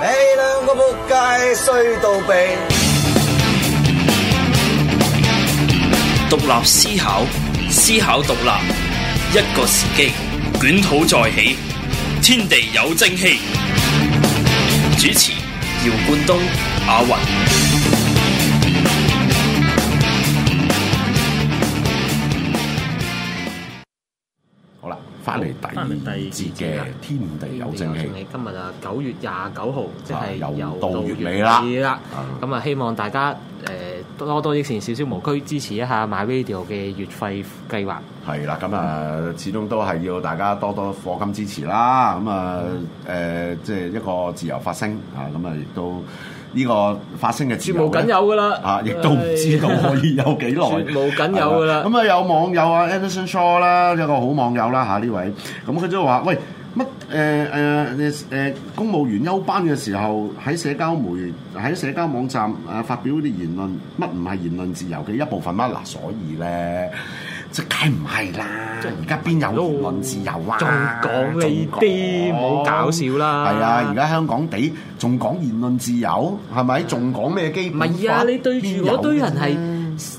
你兩個仆街衰到痹，獨立思考，思考獨立，一個時機，捲土再起，天地有正氣。主持：姚冠東、阿云。翻嚟第二節嘅天地有正氣天，你今日啊，九月廿九號即係又到月尾啦。咁、嗯、啊，嗯、希望大家誒多多益善，少少無拘，支持一下 MyRadio 嘅月費計劃。係啦，咁、嗯、啊，始終都係要大家多多課金支持啦。咁、嗯、啊，誒、嗯，即係一個自由發聲啊。咁啊，亦都。呢個發生嘅絕無僅有嘅啦，啊，亦都唔知道可以有幾耐，絕無僅有嘅啦。咁啊，有網友啊 Edison Shaw 啦，有個好網友啦嚇呢位，咁佢就話，喂，乜？誒誒誒，公務員休班嘅時候喺社交媒喺社交網站啊發表啲言論，乜唔係言論自由嘅一部分乜？嗱，所以咧。即係唔係啦？即係而家邊有言論自由啊？仲講呢啲，仲講，唔好搞笑啦！係啊，而家香港地仲講言論自由，係咪？仲講咩基本法？唔係啊！你對住嗰堆人係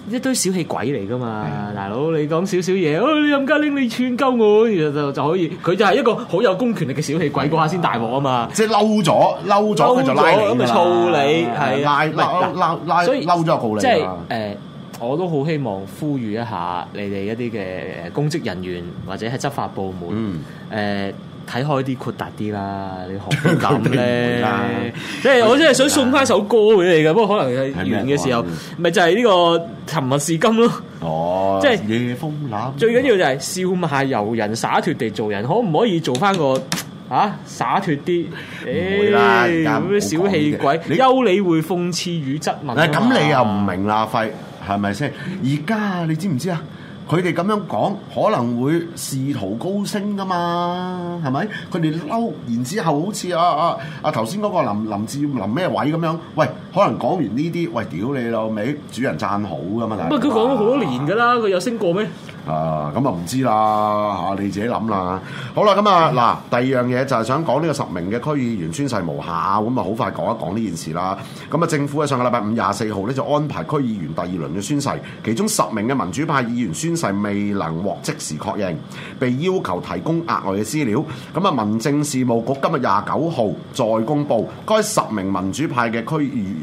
一堆小氣鬼嚟噶嘛？係啊，大佬，你講少少嘢，你冚家拎你串鳩我，然後就就可以，佢就係一個好有公權力嘅小氣鬼，嗰下先大鑊啊嘛！即係嬲咗，嬲咗佢就拉你啦，咁咪操你係拉拉拉拉嬲咗告你啊！即係誒。我都好希望呼籲一下你哋一啲嘅公職人員或者係執法部門，誒睇開啲豁達啲啦，你咁咧，即係我真係想送翻首歌俾你嘅，不過可能完嘅時候，咪就係呢個沉默是金咯。哦，即係夜風最緊要就係笑罵由人，灑脱地做人，可唔可以做翻個嚇灑脱啲？唔會啦，咁啲小氣鬼，休理會諷刺與質問。咁你又唔明啦，費？係咪先？而家你知唔知啊？佢哋咁樣講，可能會仕途高升噶嘛？係咪？佢哋嬲，然之後好似啊啊啊頭先嗰個林林志林咩位咁樣？喂，可能講完呢啲，喂屌你老味！主人讚好噶嘛？咁佢講咗好多年噶啦，佢、啊、有升過咩？啊，咁啊唔知啦，你自己諗啦。好啦，咁啊嗱，第二樣嘢就係想講呢個十名嘅區議員宣誓無效，咁啊好快講一講呢件事啦。咁啊，政府喺上個禮拜五廿四號咧就安排區議員第二輪嘅宣誓，其中十名嘅民主派議員宣誓未能獲即時確認，被要求提供額外嘅資料。咁啊，民政事務局今日廿九號再公布，該十名民主派嘅區議員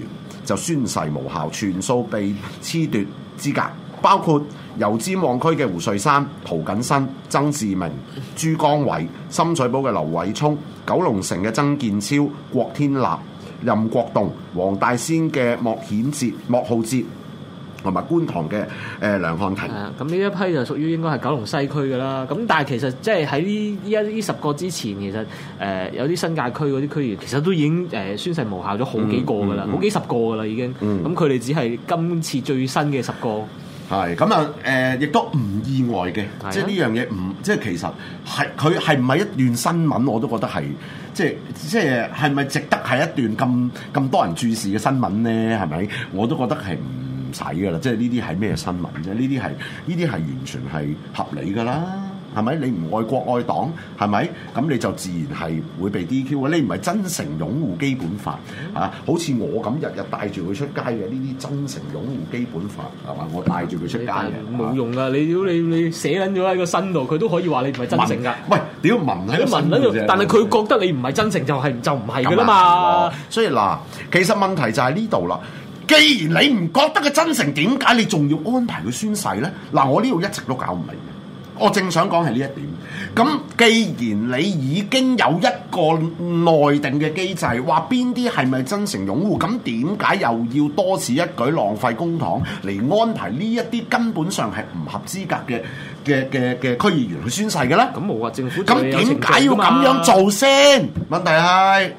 就宣誓無效，全數被褫奪資格。包括油尖旺區嘅胡瑞山、陶錦新、曾志明、朱江偉、深水埗嘅劉偉聰、九龍城嘅曾建超、郭天立、任國棟、黃大仙嘅莫顯哲、莫浩哲，同埋觀塘嘅誒、呃、梁漢庭。咁呢、啊、一批就屬於應該係九龍西區噶啦。咁但係其實即係喺呢依家呢十個之前，其實誒、呃、有啲新界區嗰啲區議員，其實都已經誒、呃、宣誓無效咗好幾個噶啦，嗯嗯嗯、好幾十個噶啦已經。咁佢哋只係今次最新嘅十個。係咁啊！亦都唔意外嘅，啊、即係呢樣嘢唔，即係其實佢係唔係一段新聞？我都覺得係，即係即係係咪值得係一段咁咁多人注視嘅新聞咧？係咪？我都覺得係唔使噶啦，即係呢啲係咩新聞啫？呢啲係呢啲係完全係合理噶啦。係咪你唔愛國愛黨？係咪咁你就自然係會被 DQ 啊？你唔係真誠擁護基本法啊？好似我咁日日帶住佢出街嘅呢啲真誠擁護基本法係嘛？我帶住佢出街嘅冇用噶、啊！你你你寫緊咗喺個身度，佢都可以話你唔係真誠㗎。喂，屌要紋喺個身度，但係佢覺得你唔係真誠就唔係，就係就唔係㗎嘛。所以嗱、啊，其實問題就喺呢度啦。既然你唔覺得佢真誠，點解你仲要安排佢宣誓咧？嗱、啊，我呢度一直都搞唔明。我正想講係呢一點，咁既然你已經有一個內定嘅機制，話邊啲係咪真誠擁護，咁點解又要多此一舉，浪費公帑嚟安排呢一啲根本上係唔合資格嘅嘅嘅嘅區議員去宣誓嘅呢？咁冇啊，政府咁點解要咁樣做先？問題係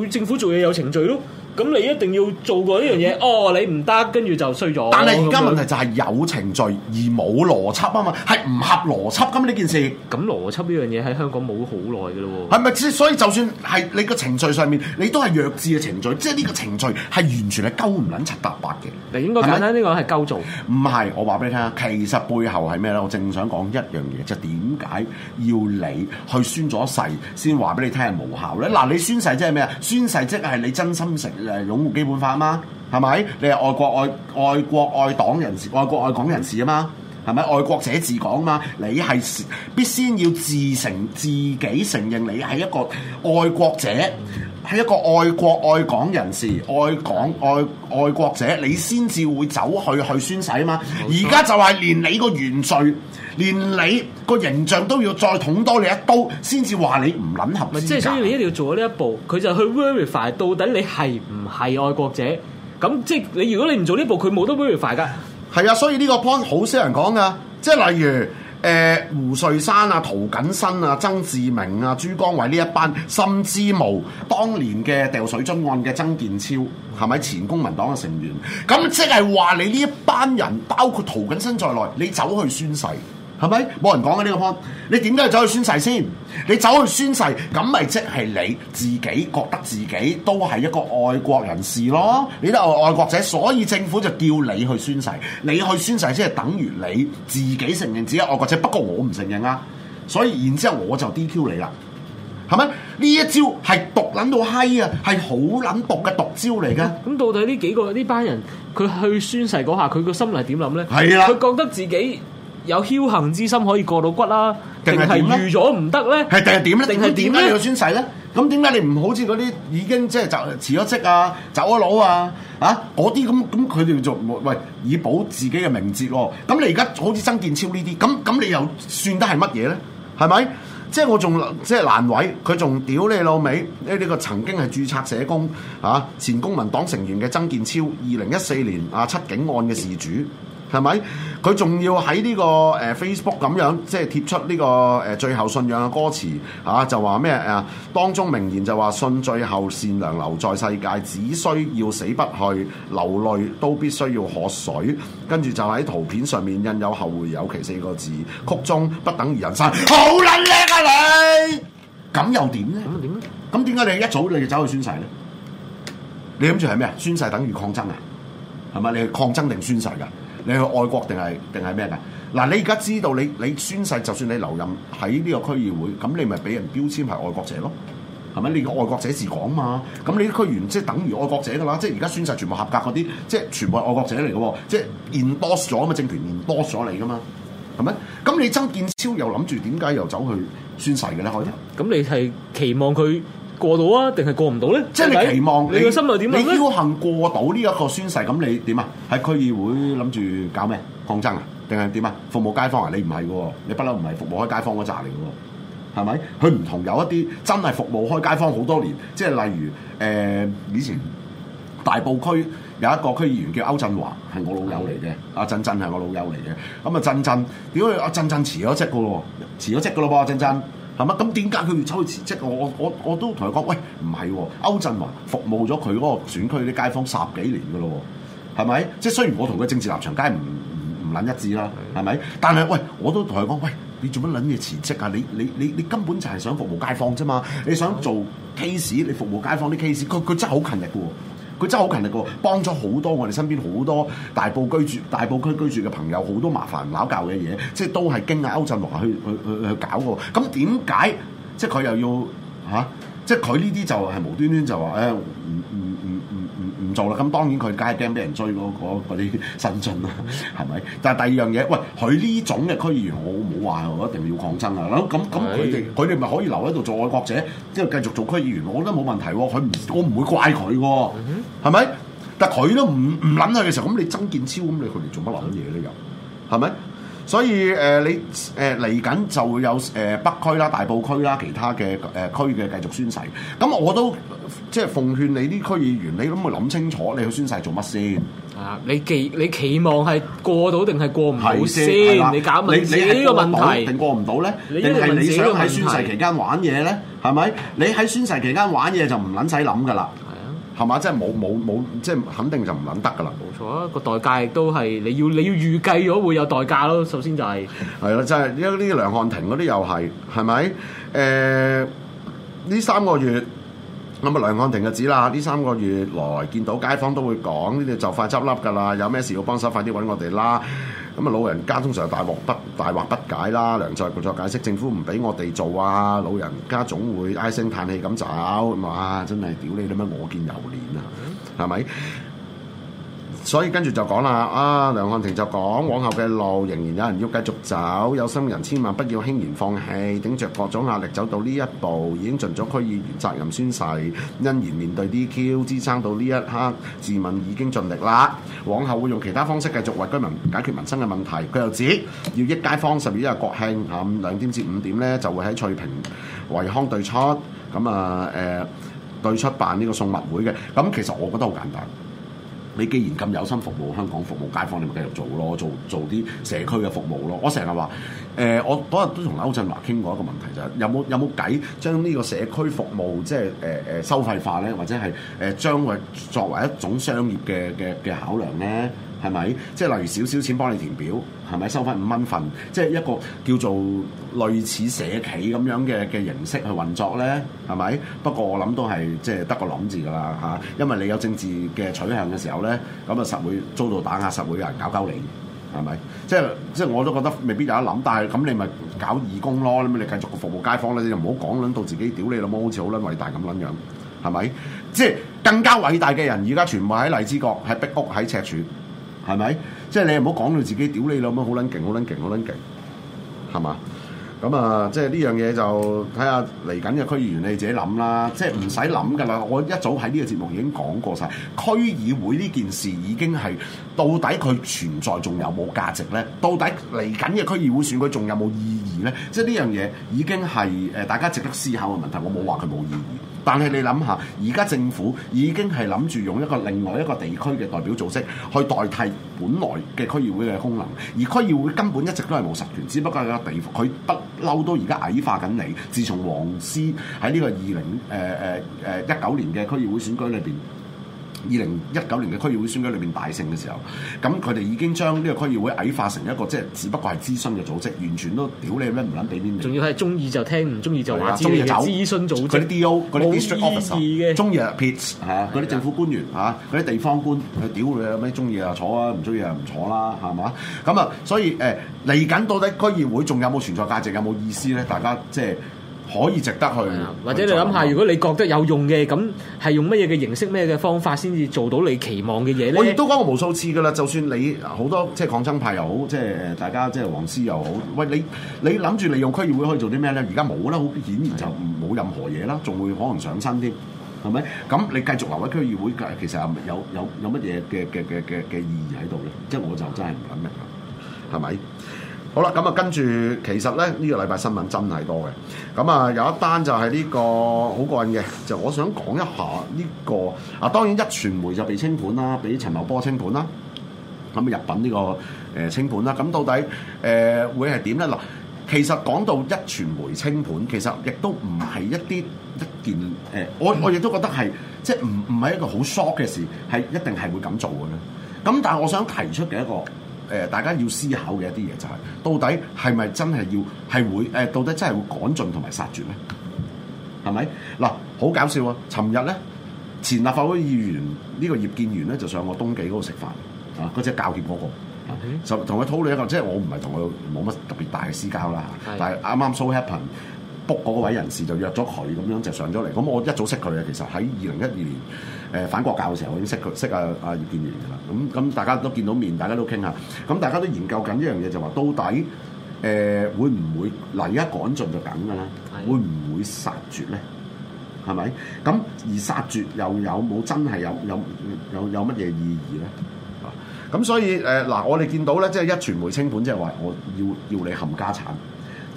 會政府做嘢有程序咯。咁你一定要做過呢樣嘢，嗯、哦，你唔得，跟住就衰咗。但係而家問題就係有程序而冇邏輯啊嘛，係唔合邏輯。咁呢件事咁、嗯、邏輯呢樣嘢喺香港冇好耐嘅咯喎。係咪？所以就算係你個程序上面，你都係弱智嘅程序。嗯、即係呢個程序係完全係鳩唔撚七搭八嘅。你應該簡單呢個係鳩做。唔係，我話俾你聽啊，其實背後係咩咧？我正想講一樣嘢，就點、是、解要你去宣咗誓先話俾你聽係無效咧？嗱的，你宣誓即係咩啊？宣誓即係你真心誠，誒擁護基本法啊嘛，係咪？你係愛國愛愛國愛黨人士，愛國愛港人士啊嘛，係咪？愛國者治港啊嘛，你係必先要自承自己承認你係一個愛國者，係一個愛國愛港人士、愛港愛愛國者，你先至會走去去宣誓啊嘛！而家錯就係連你個原罪、連你個形象都要再捅多你一刀，先至話你唔冧合。咪即係所以你一定要做咗呢一步，佢就去 verify 到底你係唔係愛國者。咁即係你如果你唔做呢一步，佢冇得 verify 㗎。係啊，所以呢個 point 好少人講㗎。即係例如。誒、呃、胡瑞山啊、陶錦新啊、曾志明啊、朱光偉呢一班甚至無，當年嘅掉水樽案嘅曾健超係咪前公民黨嘅成員？咁即係話，你呢一班人，包括陶錦新在內，你走去宣誓？係咪？冇人講嘅呢個 point，你點解走去宣誓先？你走去宣誓，咁咪即係你自己覺得自己都係一個愛國人士咯？你都係愛國者，所以政府就叫你去宣誓，你去宣誓，你去宣誓即係等於你自己承認自己愛國者。不過我唔承認啊，所以然之後我就 DQ 你啦。係咪？呢一招係毒捻到嗨啊，係好捻毒嘅毒招嚟㗎。咁到底呢幾個呢班人，佢去宣誓嗰下，佢個心係點諗呢？係啊，佢覺得自己。有僥幸之心可以過到骨啦，啊，定係預咗唔得咧？係定係點咧？定係點咧？呢你個宣誓咧？咁點解你唔好似嗰啲已經即係就辭咗職啊，走咗佬啊？啊，嗰啲咁咁，佢哋就喂以保自己嘅名節喎，啊。咁你而家好似曾建超呢啲，咁咁你又算得係乜嘢咧？係咪？即係我仲即係難為佢，仲屌你老味呢？呢個曾經係註冊社工啊，前公民黨成員嘅曾建超，二零一四年啊七警案嘅事主。係咪？佢仲要喺呢、這個誒、呃、Facebook 咁樣，即係貼出呢、這個誒、呃、最後信仰嘅歌詞啊，就話咩誒？當中明言就話信最後善良留在世界，只需要死不去，流淚都必須要喝水。跟住就喺圖片上面印有後會有期四個字，曲中不等於人生。好撚叻啊你！咁又點咧？咁點咧？咁點解你一早你就走去宣誓咧？你諗住係咩啊？宣誓等於抗爭啊？係咪？你係抗爭定宣誓噶？你去愛國定係定係咩嘅？嗱，你而家知道你你宣誓，就算你留任喺呢個區議會，咁你咪俾人標籤係愛國者咯，係咪？你個愛國者治港嘛，咁你啲區員即係等於愛國者噶啦，即係而家宣誓全部合格嗰啲，即係全部係愛國者嚟嘅喎，即係 endorse 咗嘛，政權 endorse 咗你噶嘛，係咪？咁你曾建超又諗住點解又走去宣誓嘅咧？可以，咁你係期望佢？過到啊，定係過唔到咧？即係你期望你嘅心又點你，你要行過到呢一個宣誓，咁你點啊？喺區議會諗住搞咩抗爭啊？定係點啊？服務街坊啊？你唔係喎，你不嬲唔係服務開街坊嗰扎嚟喎？係咪？佢唔同有一啲真係服務開街坊好多年，即係例如誒、呃，以前大埔區有一個區議員叫歐振華，係的我老友嚟嘅，阿的、啊、振振係我老友嚟嘅。咁啊，振振，屌你阿振振辭咗職嘅咯，辭咗職嘅咯噃，振振。嘛？咁點解佢要走去辭職？我我我我都同佢講，喂，唔係喎，歐振華服務咗佢嗰個選區啲街坊十幾年噶咯，係咪？即係雖然我同佢政治立場梗係唔唔撚一致啦，係咪？但係喂，我都同佢講，喂，你做乜撚嘢辭職啊？你你你你根本就係想服務街坊啫嘛？你想做 case，你服務街坊啲 case，佢佢真係好勤力喎。佢真係好勤力嘅，幫咗好多我哋身邊好多大埔居住、大埔區居住嘅朋友好多麻煩、攋教嘅嘢，即係都係經阿歐振華去去去去搞嘅。咁點解即係佢又要嚇、啊？即係佢呢啲就係無端端就話誒唔唔唔唔唔唔做啦。咁當然佢梗係驚俾人追嗰啲新進啦，係咪？但係第二樣嘢，喂，佢呢種嘅區議員，我唔好話我一定要抗爭、呃、是的 啊。咁咁，佢哋佢哋咪可以留喺度做愛國者，之後繼續做區議員，我覺得冇問題喎。佢唔我唔會怪佢嘅、啊。係咪？但佢都唔唔諗佢嘅時候，咁你曾建超咁，你佢哋做乜諗嘢咧？又係咪？所以誒、呃，你誒嚟緊就會有誒、呃、北區啦、大埔區啦、其他嘅誒區嘅繼續宣誓。咁我都即係奉勸你啲區議員，你咁去諗清楚，你去宣誓做乜先？啊，你期你期望係過到定係過唔到先？你搞乜嘢呢個問題？定過唔到咧？你係你，你想喺宣誓期間玩嘢咧？係咪？你喺宣誓期間玩嘢就唔撚使諗噶啦！係嘛？即係冇冇冇，即係肯定就唔撚得㗎啦，冇錯啊！個代價亦都係你要你要預計咗會有代價咯。首先就係係咯，即係呢個梁漢廷嗰啲又係，係咪？誒呢、呃、三個月。咁啊，梁漢庭就指啦，呢三個月來見到街坊都會講，呢啲就快執笠㗎啦！有咩事要幫手，快啲揾我哋啦！咁啊，老人家通常大惑不大惑不解啦。梁在個作解釋，政府唔俾我哋做啊，老人家總會唉聲嘆氣咁走，真係屌你老咩我見猶憐啊，係咪？所以跟住就講啦，啊梁漢廷就講，往後嘅路仍然有人要繼續走，有心人千萬不要輕言放棄，頂着各種壓力走到呢一步，已經盡咗區議員責任宣誓，欣然面對 DQ，支撐到呢一刻，自問已經盡力啦。往後會用其他方式繼續為居民解決民生嘅問題。佢又指要益街坊，十月一日國慶下午兩點至五點咧就會喺翠屏維康對出，咁啊誒對出辦呢個送物會嘅。咁、嗯、其實我覺得好簡單。你既然咁有心服務香港、服務街坊，你咪繼續做咯，做做啲社區嘅服務咯。我成日話。誒、呃，我嗰日都同歐振華傾過一個問題，就係、是、有冇有冇計將呢個社區服務即係誒誒收費化咧，或者係誒、呃、將佢作為一種商業嘅嘅嘅考量咧，係咪？即係例如少少錢幫你填表，係咪收翻五蚊份？即係一個叫做類似社企咁樣嘅嘅形式去運作咧，係咪？不過我諗都係即係得個諗字㗎啦嚇，因為你有政治嘅取向嘅時候咧，咁啊實會遭到打壓，實會有人搞鳩你。係咪？即係即係我都覺得未必有得諗，但係咁你咪搞義工咯，咁你繼續個服務街坊啦，你就唔好講撚到自己屌你老母好似好撚偉大咁撚樣，係咪？即係更加偉大嘅人，而家全部喺荔枝角，喺壁屋，喺赤柱，係咪？即係你唔好講到自己屌你老母好撚勁，好撚勁，好撚勁，係嘛？咁啊，即係呢樣嘢就睇下嚟緊嘅區議員你自己諗啦，即係唔使諗噶啦。我一早喺呢個節目已經講過晒，區議會呢件事，已經係到底佢存在仲有冇價值呢？到底嚟緊嘅區議會選舉仲有冇意義呢？即係呢樣嘢已經係誒大家值得思考嘅問題。我冇話佢冇意義。但係你諗下，而家政府已經係諗住用一個另外一個地區嘅代表組織去代替本來嘅區議會嘅功能，而區議會根本一直都係冇實權，只不過個地佢不嬲都而家矮化緊你。自從黃絲喺呢個二零誒誒誒一九年嘅區議會選舉裏邊。二零一九年嘅區議會選舉裏面大勝嘅時候，咁佢哋已經將呢個區議會矮化成一個即係只不過係諮詢嘅組織，完全都屌你咩唔撚俾面你。仲要係中意就聽，唔中意就話走，啊。諮詢組織，嗰啲 D.O. 嗰啲 official 中意 peers 係啊，嗰啲政府官員嚇，嗰啲地方官，佢屌你有咩？中意啊坐啊，唔中意啊唔坐啦，係嘛？咁啊，所以誒嚟緊到底區議會仲有冇存在價值，有冇意思咧？大家即係。可以值得去，或者你諗下，做如果你覺得有用嘅，咁係用乜嘢嘅形式、咩嘅方法先至做到你期望嘅嘢咧？我亦都講過無數次噶啦，就算你好多即係抗爭派又好，即係大家即係黃絲又好，喂，你你諗住利用區議會可以做啲咩咧？而家冇啦，好顯然就冇任何嘢啦，仲會可能上身添，係咪？咁你繼續留喺區議會，其實係有有有乜嘢嘅嘅嘅嘅嘅意義喺度咧？即係我就真係唔敢明啦，係咪？好啦，咁啊，跟住其實咧，呢、這個禮拜新聞真係多嘅。咁啊，有一單就係呢、這個好過癮嘅，就我想講一下呢、這個啊。當然一傳媒就被清盤啦，俾陳茂波清盤啦，咁入稟呢、這個、呃、清盤啦。咁到底誒、呃、會係點咧？嗱，其實講到一傳媒清盤，其實亦都唔係一啲一件、欸、我我亦都覺得係即係唔唔係一個好 shock 嘅事，係一定係會咁做嘅咧。咁但係我想提出嘅一個。誒，大家要思考嘅一啲嘢就係、是，到底係咪真係要係會誒？到底真係會趕盡同埋殺絕咧？係咪？嗱，好搞笑啊、哦！尋日咧，前立法會議員呢、這個葉建源咧，就上我東記嗰度食飯，啊，嗰隻教協嗰、那個，嗯、就同佢討論一個，即係我唔係同佢冇乜特別大嘅私交啦，是的 但係啱啱 so happen。b o 嗰位人士就約咗佢咁樣就上咗嚟，咁我一早識佢嘅，其實喺二零一二年誒、呃、反國教嘅時候，我已經識佢識阿阿葉建源㗎啦。咁咁大家都見到面，大家都傾下，咁大家都研究緊一樣嘢，就話到底誒會唔會嗱？而家趕盡就緊㗎啦，會唔會,、呃、的會,會殺絕咧？係咪？咁而殺絕又有冇真係有有有有乜嘢意義咧？啊！咁所以誒嗱、呃，我哋見到咧，即、就、係、是、一傳媒清盤，即係話我要要你冚家產。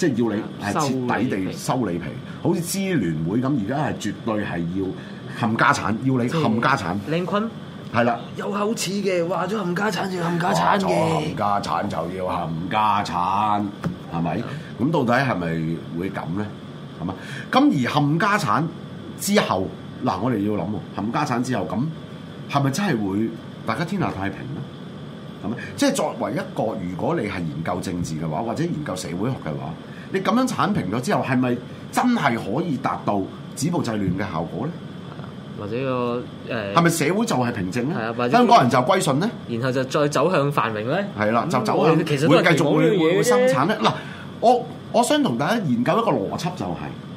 即係要你徹底地收你皮，好似支聯會咁，而家係絕對係要冚家產，要你冚家產。李坤係啦，了有口齒嘅話咗冚家產就冚家產嘅，冚家產就要冚家產，係咪？咁到底係咪會咁咧？係嘛？咁而冚家產之後，嗱我哋要諗喎，冚家產之後，咁係咪真係會大家天下太平咧？係咪？即係作為一個，如果你係研究政治嘅話，或者研究社會學嘅話。你咁樣剷平咗之後，係咪真係可以達到止暴制亂嘅效果咧？係啊，或者個誒係咪社會就係平靜咧？係啊，或者香港人就歸順咧？然後就再走向繁榮咧？係啦，就走向其實會繼續會會會生產咧。嗱，我我想同大家研究一個邏輯就係、是。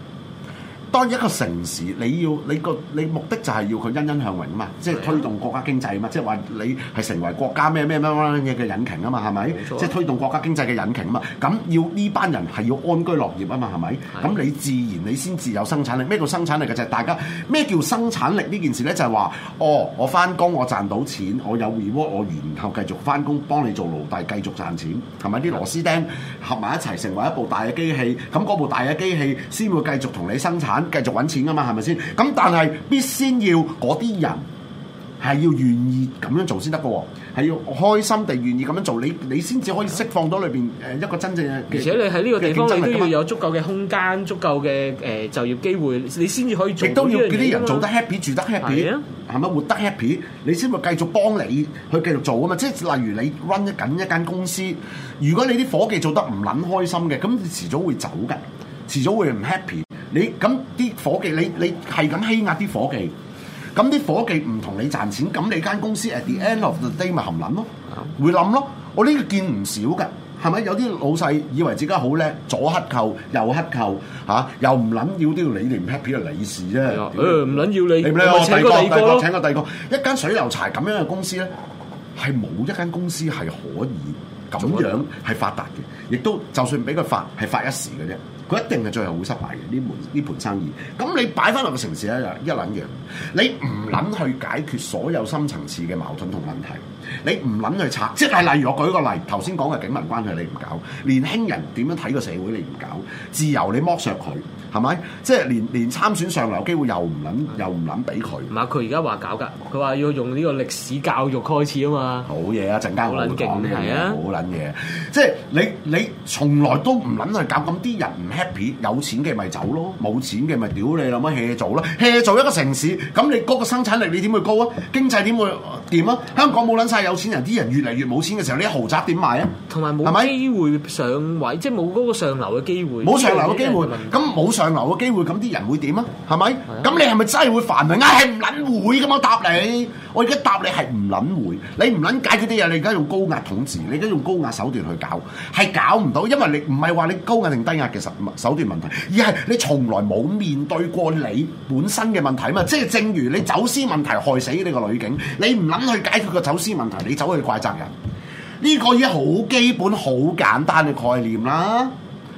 當一個城市，你要你個你的目的就係要佢欣欣向榮啊嘛，即係推動國家經濟啊嘛，即係話你係成為國家咩咩咩嘢嘅引擎啊嘛，係咪？即係推動國家經濟嘅引擎啊嘛，咁要呢班人係要安居樂業啊嘛，係咪？咁的你自然你先至有生產力。咩叫生產力嘅就係、是、大家咩叫生產力呢件事呢？就係、是、話，哦，我翻工我賺到錢，我有 reward，我然後繼續翻工幫你做勞動，繼續賺錢係咪？啲的螺絲釘合埋一齊成為一部大嘅機器，咁嗰部大嘅機器先會繼續同你生產。繼續揾錢噶嘛，係咪先？咁但係必先要嗰啲人係要願意咁樣做先得嘅喎，係要開心地願意咁樣做，你你先至可以釋放到裏邊誒一個真正嘅競爭力。而且你喺呢個地方，你都要有足夠嘅空間、足夠嘅誒、呃、就業機會，你先至可以做，亦都要嗰啲人做得 happy，嘛住得 happy，係咪、啊、活得 happy？你先會繼續幫你去繼續做啊嘛。即係例如你 run 一緊一間公司，如果你啲伙計做得唔撚開心嘅，咁遲早會走嘅，遲早會唔 happy。你咁啲伙計，你你係咁欺壓啲伙計，咁啲伙計唔同你賺錢，咁你間公司 at the end of the day 咪含撚咯，會諗咯。我呢個見唔少噶，係咪有啲老細以為自己好叻，左乞扣右乞扣嚇、啊，又唔撚要啲理連 happy 嘅利是啫。唔撚、哎、要你，你係請個第二個，一間水流柴咁樣嘅公司咧，係冇一間公司係可以咁樣係發達嘅，亦了都就算俾佢發，係發一時嘅啫。佢一定係最後會失敗嘅呢盤呢盤生意。咁你擺翻落個城市咧，就一撚樣，你唔撚去解決所有深層次嘅矛盾同問題。你唔捻去拆，即係例如我舉個例，頭先講嘅警民關係你唔搞，年輕人點樣睇個社會你唔搞，自由你剝削佢，係咪？即係連連參選上流機會又唔捻又唔捻俾佢。唔係佢而家話搞㗎，佢話要用呢個歷史教育開始啊嘛。好嘢啊，陣間好撚勁，係啊，好撚嘢。即係你你從來都唔捻去搞，咁啲人唔 happy，有錢嘅咪走咯，冇錢嘅咪屌你諗乜 hea 做咯，hea 做一個城市，咁你嗰個生產力你點會高啊？經濟點會掂啊？香港冇撚。太有錢人啲人越嚟越冇錢嘅時候，你啲豪宅點賣啊？同埋冇機會上位，係咪即係冇嗰個上流嘅機會。冇上流嘅機會，咁冇上流嘅機會，咁啲人會點啊？係咪？咁的你係咪真係會煩啊？係唔撚會，咁我答你。我而家答你係唔撚會，你唔撚解決啲嘢，你而家用高壓統治，你而家用高壓手段去搞，係搞唔到，因為你唔係話你高壓定低壓嘅手段問題，而係你從來冇面對過你本身嘅問題嘛。即係正如你走私問題害死呢個女警，你唔撚去解決個走私問題，你走去怪責人，呢、呢個已經好基本、好簡單嘅概念啦。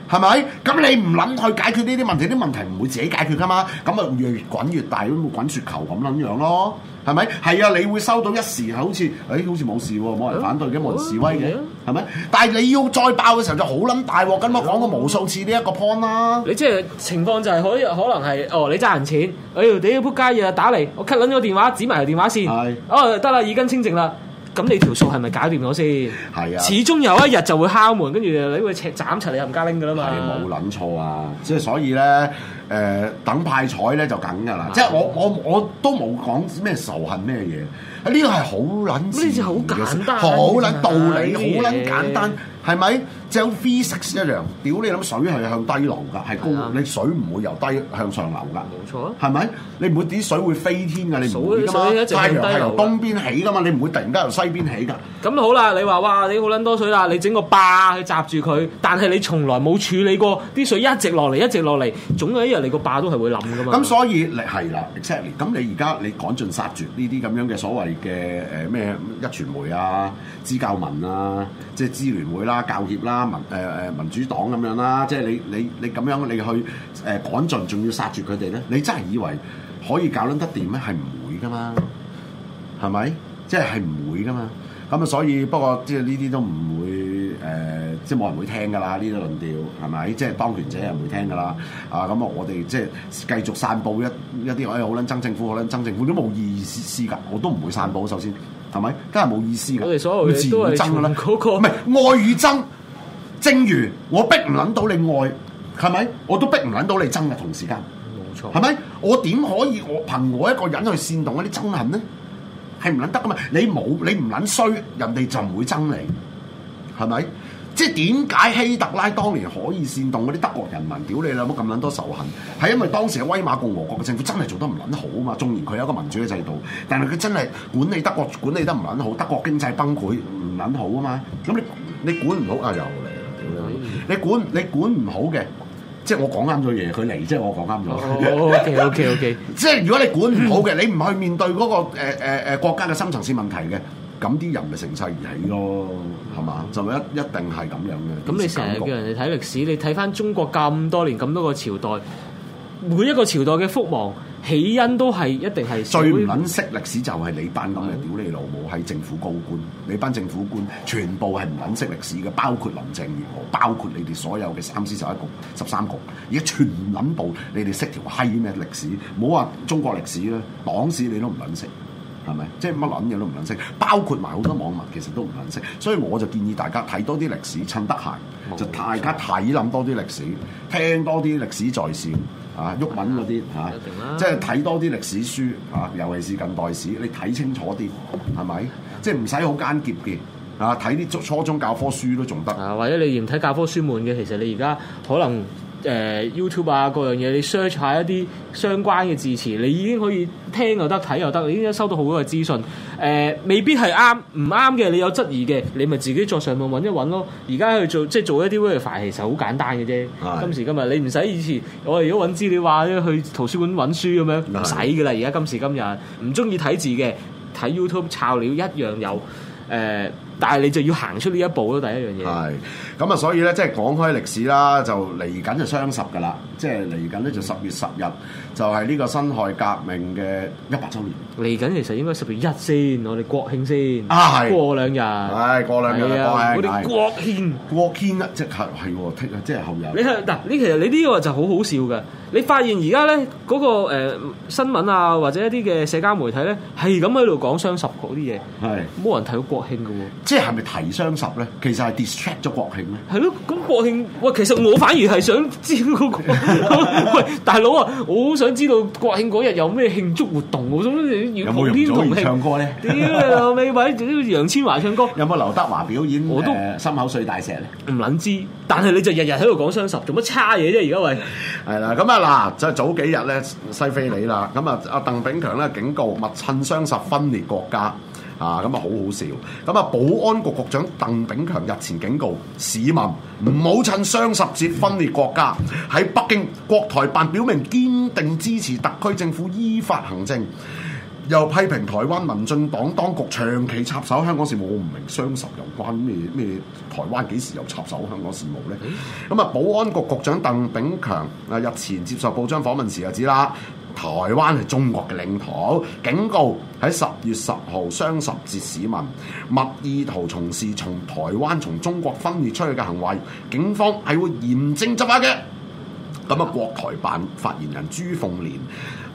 係咪？咁你唔諗去解決呢啲問題，啲問題唔會自己解決噶嘛？咁啊越越滾越大，好似滾雪球咁樣樣咯，係咪？係啊，你會收到一時好似，誒、哎、好似冇事喎，冇人反對嘅，冇、啊、人示威嘅，係咪、啊啊？但係你要再爆嘅時候就好撚大鑊咁，我講、啊、過無數次呢一個 point 啦、啊。你即係情況就係可以可能係，哦你揸人錢，哎呦屌撲街嘢打嚟，我 cut 撚咗電話，指埋條電話線，是哦，得啦，耳根清靜啦。咁你條數係咪搞掂咗先？係啊，始終有一日就會敲門，跟住你會斬，斬齊你冚家拎噶啦嘛。你冇撚錯啊！即係所以咧、呃，等派彩咧就梗㗎啦。的即係我我我都冇講咩仇恨咩嘢啊！呢個係好撚自然嘅，好撚道理，好撚的簡單，係咪？就 physics 一樣，屌你諗水係向低流㗎，係高你的水唔會由低向上流㗎。冇錯啊，係咪？你唔會啲水會飛天㗎？你唔會嘅。一直太陽係由東邊起㗎嘛？你唔會突然間由西邊起㗎。咁好啦，你話哇，你好撚多水啦，你整個壩去閘住佢，但係你從來冇處理過啲水一，一直落嚟，一直落嚟，總有一日你個壩都係會冧㗎嘛。咁所以是、exactly. 那你係啦，exactly。咁你而家你趕盡殺絕呢啲咁樣嘅所謂嘅誒咩壹傳媒啊、支教民啊、即係支聯會啦、啊、教協啦、啊。民誒誒、呃、民主黨咁樣啦，即係你你你咁樣，你去誒、呃、趕盡，仲要殺絕佢哋咧？你真係以為可以搞撚得掂咩？係唔會噶嘛？係咪、就是？即係係唔會噶嘛？咁啊，所以不過即係呢啲都唔會誒，即係冇人會聽噶啦。呢啲論調係咪？即係當權者係唔會聽噶啦啊？咁啊，我哋即係繼續散佈一一啲誒，好撚憎政府，好撚憎政府都冇意思㗎，我都唔會散佈。首先係咪真係冇意思嘅？我哋所有嘅都係愛與憎啦，唔係愛與憎。正如我逼唔撚到你愛，係咪？我都逼唔撚到你憎嘅同時間，冇錯，係咪？我點可以我憑我一個人去煽動嗰啲憎恨呢？係唔撚得㗎嘛？你冇你唔撚衰，人哋就唔會憎你，係咪？即係點解希特拉當年可以煽動嗰啲德國人民屌你啦？乜咁撚多仇恨？係因為當時嘅威瑪共和國嘅政府真係做得唔撚好啊嘛！縱然佢有一個民主嘅制度，但係佢真係管理德國管理得唔撚好，德國經濟崩潰唔撚好啊嘛！咁你你管唔好啊又嚟。哎 你管你管唔好嘅，即係我講啱咗嘢，佢嚟即係我講啱咗。O K O K O K，即係如果你管唔好嘅，你唔去面對嗰個誒誒誒國家嘅深層次問題嘅，咁啲人咪乘勢而起咯，係嘛？就一 一定係咁樣嘅。咁 你成日叫人哋睇歷史，你睇翻中國咁多年咁多個朝代，每一個朝代嘅覆亡。起因都係一定係最唔撚識歷史，就係你班咁嘅屌你老母，係的政府高官，你班政府官全部係唔撚識歷史嘅，包括林鄭月娥，包括你哋所有嘅三司十一局十三局，而家全撚部你哋識條閪咩歷史，唔好話中國歷史啦，黨史你都唔撚識，係咪？即係乜撚嘢都唔撚識，包括埋好多網民其實都唔撚識，所以我就建議大家睇多啲歷史，趁得閒的就大家睇諗多啲歷史，聽多啲歷史在線。啊，鬱文嗰啲嚇，啊定啊、即係睇多啲歷史書嚇、啊，尤其是近代史，你睇清楚啲係咪？即係唔使好奸狡嘅，啊，睇啲初初中教科書都仲得。啊，或者你嫌睇教科書悶嘅，其實你而家可能。誒、uh, YouTube 啊，各樣嘢你 search 下一啲相關嘅字詞，你已經可以聽又得，睇又得，你已經收到好多嘅資訊。誒、呃，未必係啱，唔啱嘅，你有質疑嘅，你咪自己再上網揾一揾咯。而家去做即係做一啲 wifi，其實好簡單嘅啫。是的 今時今日你唔使，以前我哋如果揾資料話，去圖書館揾書咁樣唔使㗎喇。而家的今時今日唔中意睇字嘅，睇 YouTube 抄料一樣有誒。呃但係你就要行出呢一步咯，第一樣嘢。係咁啊，所以咧即係講開歷史啦，就嚟緊就雙十噶啦，即係嚟緊咧就十、是、月十日，就係、是、呢個辛亥革命嘅一百周年。嚟緊其實應該十月一先，我哋國慶先。啊，係過兩日。係、哎、過兩日，我哋、啊、國慶。啊、國慶，國慶是是啊，即刻係㗎，即係後日。你睇嗱，你其實你呢個就好好笑嘅。你發現而家咧嗰個、呃、新聞啊，或者一啲嘅社交媒體咧，係咁喺度講雙十嗰啲嘢，係冇是人睇到國慶嘅喎。即係係咪提雙十咧？其實係 distract 咗國慶咩？係咯，咁國慶喂，其實我反而係想知嗰、那個、 喂大佬啊，我好想知道國慶嗰日有咩慶祝活動，我咁你同邊同唱歌咧？屌 啊，尾尾，呢個楊千嬅唱歌。有冇劉德華表演？我都、呃、心口水大石咧。唔撚知，但係你就日日喺度講雙十，做乜叉嘢啫？而家喂，係啦，咁啊。啊！即係早幾日咧，西非你啦，咁啊，阿鄧炳強咧，警告勿趁雙十分裂國家，啊，咁啊好好笑。咁啊，保安局局長鄧炳強日前警告市民唔好趁雙十節分裂國家。喺北京，國台辦表明堅定支持特區政府依法行政。又批評台灣民進黨當局長期插手香港事務，我唔明雙十有關咩咩？台灣幾時又插手香港事務呢？咁啊，保安局局長鄧炳強啊，日前接受報章訪問時就指啦，台灣係中國嘅領土，警告喺十月十號雙十節市民，勿意圖從事從台灣從中國分裂出去嘅行為，警方係會嚴正執法嘅。咁啊，國台辦發言人朱鳳蓮。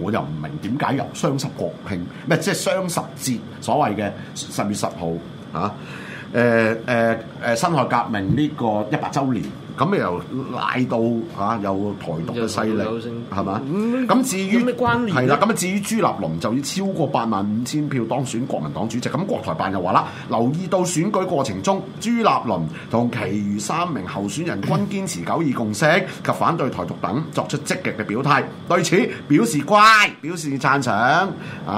我又唔明點解由雙十國慶，唔即係雙十節，所謂嘅十月十號，吓誒誒誒，辛亥革命呢個一百周年。咁又賴到有、啊、台獨嘅勢力，係嘛？咁吧、嗯、至於係啦，咁啊至於朱立倫就要超過八萬五千票當選國民黨主席。咁國台辦又話啦，留意到選舉過程中，朱立倫同其餘三名候選人均堅持九二共識、嗯、及反對台獨等，作出積極嘅表態。對此表示乖，表示讚賞。啊，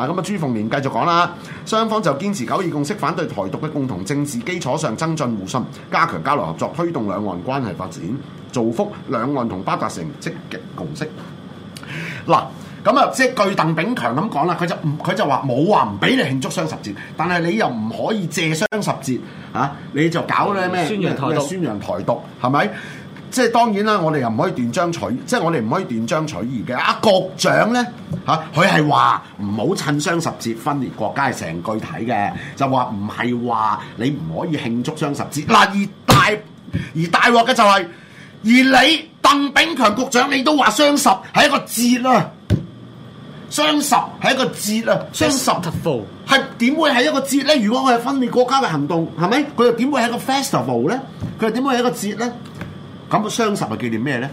咁啊朱鳳蓮繼續講啦。雙方就堅持九二共識，反對台獨嘅共同政治基礎上增進互信，加強交流合作，推動兩岸關係發展，造福兩岸同胞達成積極共識。嗱，咁啊，即係據鄧炳強咁講啦，佢就佢就話冇話唔俾你慶祝雙十節，但係你又唔可以借雙十節啊，你就搞啲咩宣揚台宣揚台獨係咪？是即係當然啦，我哋又唔可以斷章取，即係我哋唔可以斷章取義嘅。阿、啊、局長咧嚇，佢係話唔好趁雙十節分裂國家係成句睇嘅，就話唔係話你唔可以慶祝雙十節。嗱、啊，而大而大鑊嘅就係、是、而你鄧炳強局長，你都話雙十係一個節啦、啊，雙十係一個節啦、啊，雙十 festival 係點會係一個節咧？如果我係分裂國家嘅行動，係咪佢又點會係一個 festival 咧？佢又點會係一個節咧？咁雙十係紀念咩咧？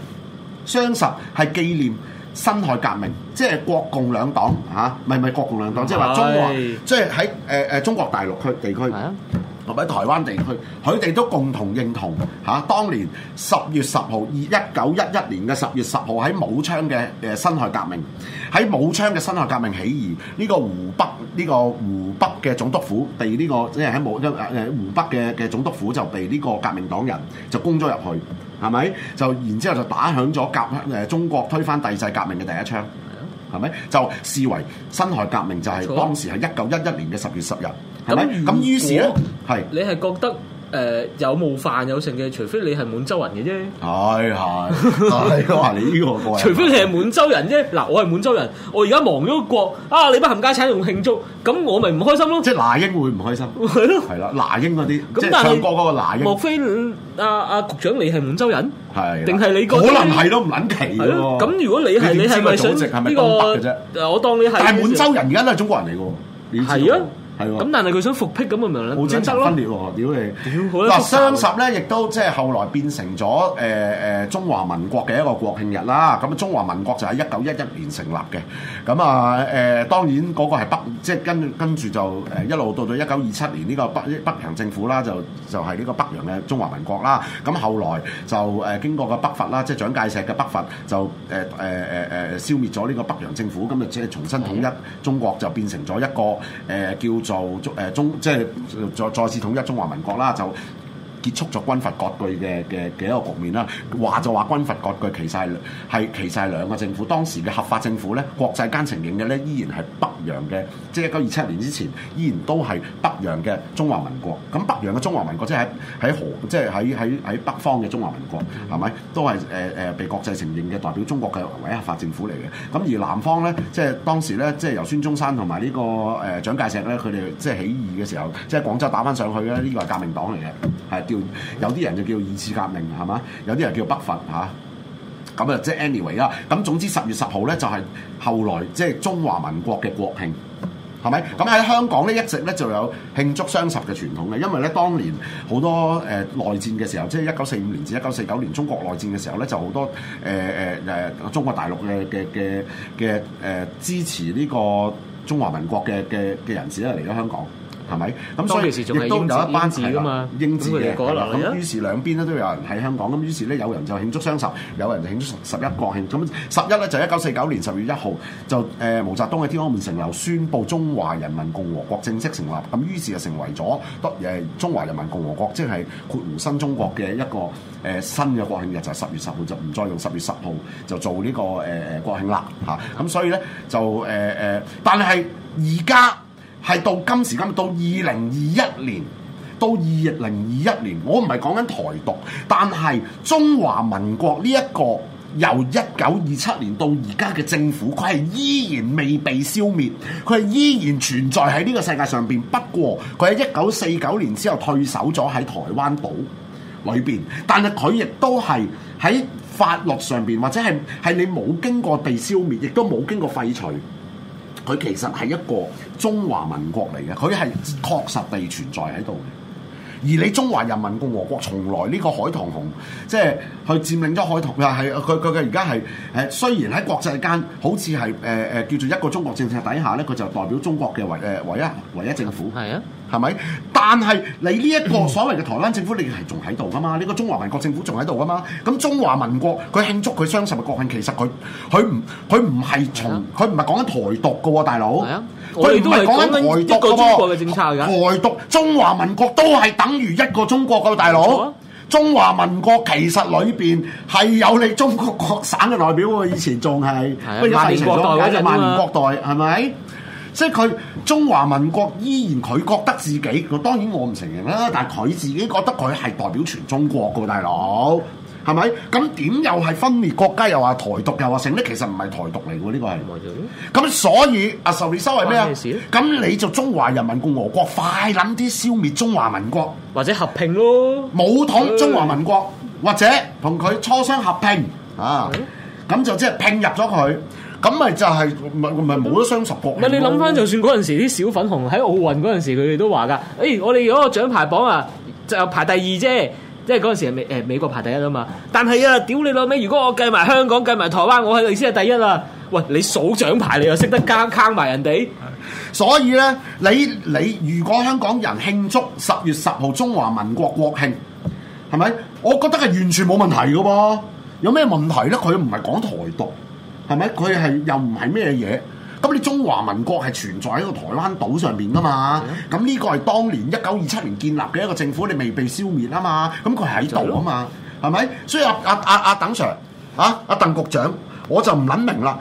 雙十係紀念辛亥革命，即係國共兩黨嚇，唔係唔係國共兩黨，即係話中國，即係喺中國大陸區地區。同埋喺台灣地區，佢哋都共同認同嚇、啊，當年十月十號，一九一一年嘅十月十號喺武昌嘅誒、呃、辛亥革命，喺武昌嘅辛亥革命起義，呢、呢個湖北呢、呢個湖北嘅總督府被、呢個，被呢個即係喺武一湖北嘅嘅總督府就被呢個革命黨人就攻咗入去，係咪？就然之後就打響咗革誒中國推翻帝制革命嘅第一槍，係咪？就視為辛亥革命就係當時係一九一一年嘅十月十日。咁咁於是咧，係你係覺得誒有冒犯有成嘅，除非你係滿洲人嘅啫。係係係，你話你呢個個，除非你係滿洲人啫。嗱，我係滿洲人，我而家亡咗國啊！你幫冚家產仲慶祝，咁我咪唔開心咯。即係那英會唔開心？係咯，係啦，那英嗰啲即係香港嗰個那英。莫非阿阿局長你係滿洲人？係定係你個？可能係都唔撚奇咯。咁如果你係你係主席，係咪東北嘅啫？我當你係但係滿洲人而家都係中國人嚟嘅喎，係係咁，但係佢想復辟咁啊，咪冇兩陣分裂喎，屌你！嗱雙十咧，亦都即係後來變成咗誒誒中華民國嘅一個國慶日啦。咁啊，中華民國就喺一九一一年成立嘅。咁啊誒，當然嗰個係北，即係跟跟住就誒一路到到一九二七年呢個北北洋政府啦，就就係呢個北洋嘅中華民國啦。咁後來就誒經過個北伐啦，即係蔣介石嘅北伐，就誒誒誒誒消滅咗呢個北洋政府，咁啊即係重新統一中國，就變成咗一個誒叫。就、呃、中誒中即係再再次統一中華民國啦就。結束咗軍閥割據嘅嘅嘅一個局面啦，話就話軍閥割據其實係，係其實係兩個政府。當時嘅合法政府咧，國際間承認嘅咧，依然係北洋嘅，即係一九二七年之前，依然都係北洋嘅中華民國。咁北洋嘅中華民國即係喺喺河，即係喺喺喺北方嘅中華民國，係咪？都係誒誒被國際承認嘅代表中國嘅唯一合法政府嚟嘅。咁而南方咧，即係當時咧，即係由孫中山同埋呢個誒蔣介石咧，佢哋即係起義嘅時候，即係廣州打翻上去咧，呢個係革命黨嚟嘅，係。叫有啲人就叫二次革命係嘛？有啲人叫北伐嚇。咁啊，即係 anyway 啦。咁總之十月十號咧就係、是、後來即係、就是、中華民國嘅國慶係咪？咁喺香港咧一直咧就有慶祝雙十嘅傳統嘅，因為咧當年好多誒、呃、內戰嘅時候，即係一九四五年至一九四九年中國內戰嘅時候咧，就好多誒誒誒中國大陸嘅嘅嘅嘅誒支持呢個中華民國嘅嘅嘅人士咧嚟咗香港。係咪？咁所以亦都有一班子噶嘛，英治嘅咁。咁於是兩邊咧都有人喺香港，咁於是咧有人就慶祝雙十，有人就慶祝十一國慶。咁十一咧就一九四九年十月一號就誒、呃、毛澤東喺天安門城樓宣佈中華人民共和國正式成立。咁於是就成為咗多中華人民共和國，即係括弧新中國嘅一個誒、呃、新嘅國慶日、就係、十月十號，就係十月十號、呢個呃啊，就唔再用十月十號就做呢個誒國慶啦嚇。咁所以咧就誒誒，但係而家。係到今時今日，到二零二一年，到二零二一年，我唔係講緊台獨，但係中華民國呢、這、一個由一九二七年到而家嘅政府，佢係依然未被消滅，佢係依然存在喺呢個世界上邊。不過佢喺一九四九年之後退守咗喺台灣島裏面。但係佢亦都係喺法律上邊或者係係你冇經過被消滅，亦都冇經過廢除。佢其實係一個中華民國嚟嘅，佢係確實地存在喺度嘅。而你中華人民共和國從來呢個海棠紅，即係佢佔領咗海棠，盜，係佢佢嘅而家係誒。雖然喺國際間好似係誒誒叫做一個中國政策底下咧，佢就代表中國嘅唯誒唯一唯一政府。係啊。係咪？但係你呢一個所謂嘅台灣政府，你係仲喺度噶嘛？呢個中華民國政府仲喺度噶嘛？咁中華民國佢慶祝佢雙十嘅國慶，其實佢佢唔佢唔係從佢唔係講緊台獨噶喎，大佬。佢哋、啊啊、都係講緊一個中國嘅政策噶。台獨中華民國都係等於一個中國噶，大佬。啊、中華民國其實裏邊係有你中國各省嘅代表喎，以前仲係、啊、萬年國代嗰陣啊嘛，萬年國代係咪？即係佢中華民國依然佢覺得自己，當然我唔承認啦。是的 但係佢自己覺得佢係代表全中國嘅大佬，係咪是的？咁點又係分裂國家？又話台獨又是，又話成？咧其實唔係台獨嚟嘅喎，呢、呢個係。台獨咁的所以阿仇烈修係咩啊？咁你就中華人民共和國快諗啲消滅中華民國，或者合併咯，武統中華民國，是的 或者同佢磋商合併的啊？咁就即係拼入咗佢。咁咪就係、是，唔係唔係冇得雙十國、嗯？唔係你諗翻，就算嗰陣時啲小粉紅喺奧運嗰陣時，佢哋都話噶，誒我哋嗰個獎牌榜啊，就排第二啫，即係嗰陣時美誒、欸、美國排第一啊嘛。但係啊，屌你老味！如果我計埋香港，計埋台灣，我係意思係第一啦。喂，你數獎牌你 damn，你又識得加坑埋人哋。所以咧，你你如果香港人慶祝十月十號中華民國國慶，係咪？我覺得係完全冇問題嘅噃。有咩問題咧？佢唔係講台獨。係咪？佢係又唔係咩嘢？咁你中華民國係存在喺個台灣島上面噶嘛？咁呢個係當年一九二七年建立嘅一個政府，你未被消滅啊嘛？咁佢喺度啊嘛？係咪？所以阿阿阿阿鄧 Sir 啊，阿、啊、鄧局長，我就唔諗明啦。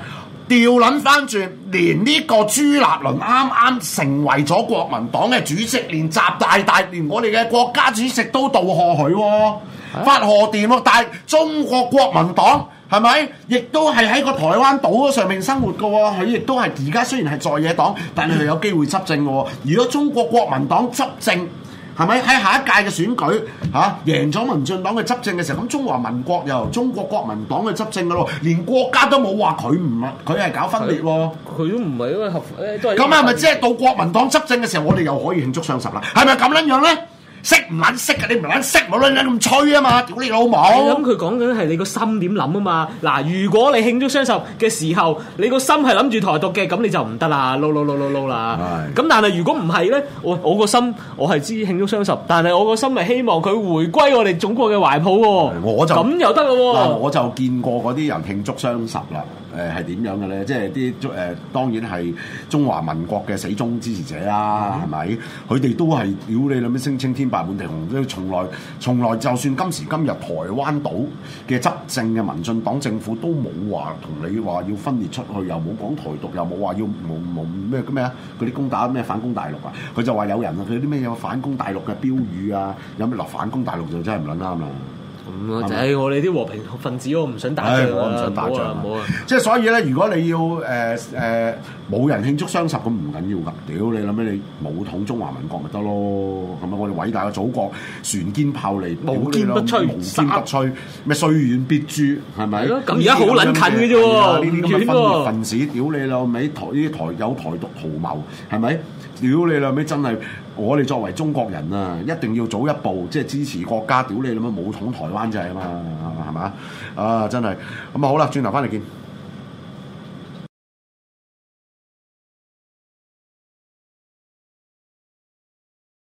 調諗翻轉，連呢個朱立倫啱啱成為咗國民黨嘅主席，連習大大，連我哋嘅國家主席都道賀佢、哦，發賀電喎。但係中國國民黨。係咪？亦都係喺個台灣島上面生活㗎喎、哦，佢亦都係而家雖然係在野黨，但係佢有機會執政嘅喎、哦。如果中國國民黨執政，係咪喺下一屆嘅選舉嚇、啊、贏咗民進黨嘅執政嘅時候，咁中華民國又中國國民黨嘅執政嘅咯，連國家都冇話佢唔，佢係搞分裂喎、哦。佢都唔係一個合，咁啊，咪即係到國民黨執政嘅時候，我哋又可以慶祝雙十啦，係咪咁樣樣咧？識唔捻識啊？你唔捻識，冇捻捻咁吹啊嘛！屌你老母！你諗佢講緊係你個心點諗啊嘛？嗱，如果你慶祝雙十嘅時候，你個心係諗住台獨嘅，咁你就唔得啦，撈撈撈撈撈啦。咁了的但係如果唔係咧，我我個心我係知慶祝雙十，但係我個心係希望佢回歸我哋祖國嘅懷抱。我咁又得啦。就我就見過嗰啲人慶祝雙十啦。誒係點樣嘅咧？即係啲中誒當然係中華民國嘅死忠支持者啦、啊，係咪、嗯？佢哋都係屌你諗咩？聲稱天白滿地紅，即係從來從來就算今時今日台灣島嘅執政嘅民進黨政府都冇話同你話要分裂出去，又冇講台獨，又冇話要冇冇咩咩啊？啲攻打咩反攻大陸啊？佢就話有人啊，佢啲咩嘢反攻大陸嘅標語啊，有咩立反攻大陸就真係唔撚啱啦。咁咯，唉！我哋啲和平分子，我唔想打仗我唔想打仗好啊，即係所以咧，如果你要誒誒冇人慶祝雙十咁，唔緊要噶。屌你諗起你武統中華民國咪得咯？係咪？我哋偉大嘅祖國，船堅炮利，無堅不摧，無堅不摧，咩雖遠必誅，係咪？咁、啊、而家好撚近嘅啫喎！呢啲分、分子，屌你老味台呢啲台有台獨圖謀，係咪？屌你老味真係，我哋作為中國人啊，一定要早一步即係、就是、支持國家。屌你老味武統台灣啫嘛，係嘛、嗯？啊，真係咁啊！好啦，轉頭翻嚟見。